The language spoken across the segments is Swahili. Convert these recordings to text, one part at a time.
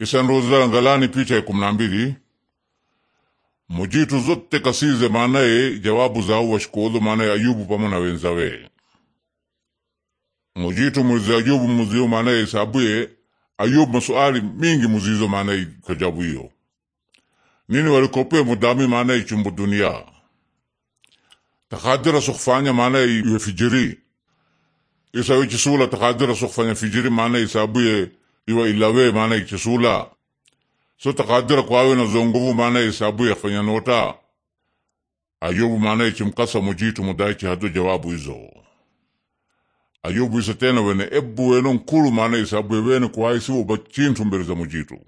isanduza ngalani picha ya kumi na mbili mujitu zote kasize maanaye jawabu zao washikolo maanaye ayubu pamo na wenzawe mujitu mulize ayubu muzio maanaye isabuye ayubu masuali mingi muzizo maanaye kajabu hiyo nini walikopie mudami maanaye chumbu dunia takadira sokufanya maanaye iwe fijiri isawechisula takadira sokufanya fijiri maanaye isabuye iwa ilawe maana ikisula so takadira kwawe na zonguvu maana isabu ya fanya nota Ayubu maana ichimkasa mujitu mudaichi hado jawabu izo Ayubu isa tena wene ebu weno nkulu maana isabu ya wene kwa isi bachintu mbele za mujitu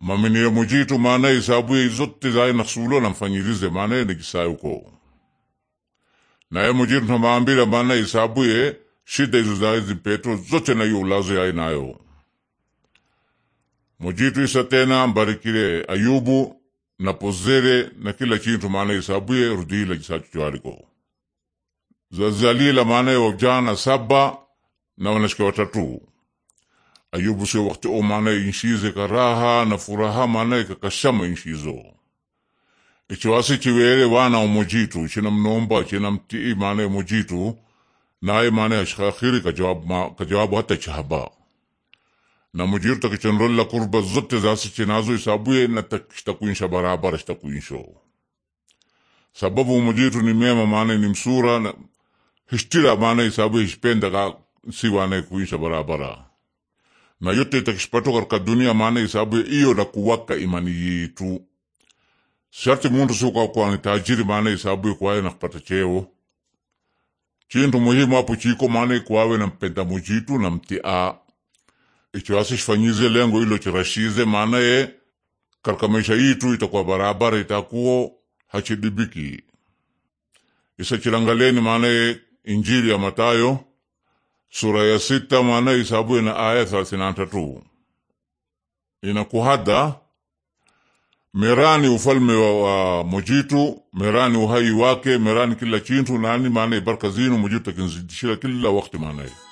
mamini ya mujitu maana isabu ya izote zae na sulo na mfanyirize maana ya nikisayuko na ya mujitu na maambila maana isabu ya Shida hizo za hizi Petro zote na nayo ulazo yaye nayo mojitu isa tena mbarikile Ayubu na pozere na kila chintu maana isabuye rudila jisacho chwariko zazalila maana ya wajana saba na wanashika watatu Ayubu se wakati o maana inshize karaha na furaha maana kakashama inshizo ichiwasi chiwere wana omojitu china mnomba china mtii maana mojitu naye maana akhiri ka hata chahaba na mujirta kichanrolla kurba zote zasi chinazo isabuye na shtakuinsha barabara shtakuinsho sababu mujitu ni mema maana ni msura na hishtira maana isabuye hishpenda ka siwane kuinsha barabara na yote itakishpato katika dunia maana isabuye iyo na kuwaka imani yitu sharti muntu suka kwa ni tajiri maana isabuye kwaye na kupata cheo chintu muhimu hapo chiko maana ikwawe mpenda mujitu mtia icho shifanyize lengo ilo chirashize maana ye katika maisha yitu itakuwa barabara itakuwa hachidibiki isa chilangaleni maana ye injili ya Matayo sura ya sita maana isabu na aya thelathini na tatu inakuhada merani ufalme wa mujitu merani uhai wake merani kila chintu nani maana baraka zinu mujitu takinzidishira kila wakti maanaye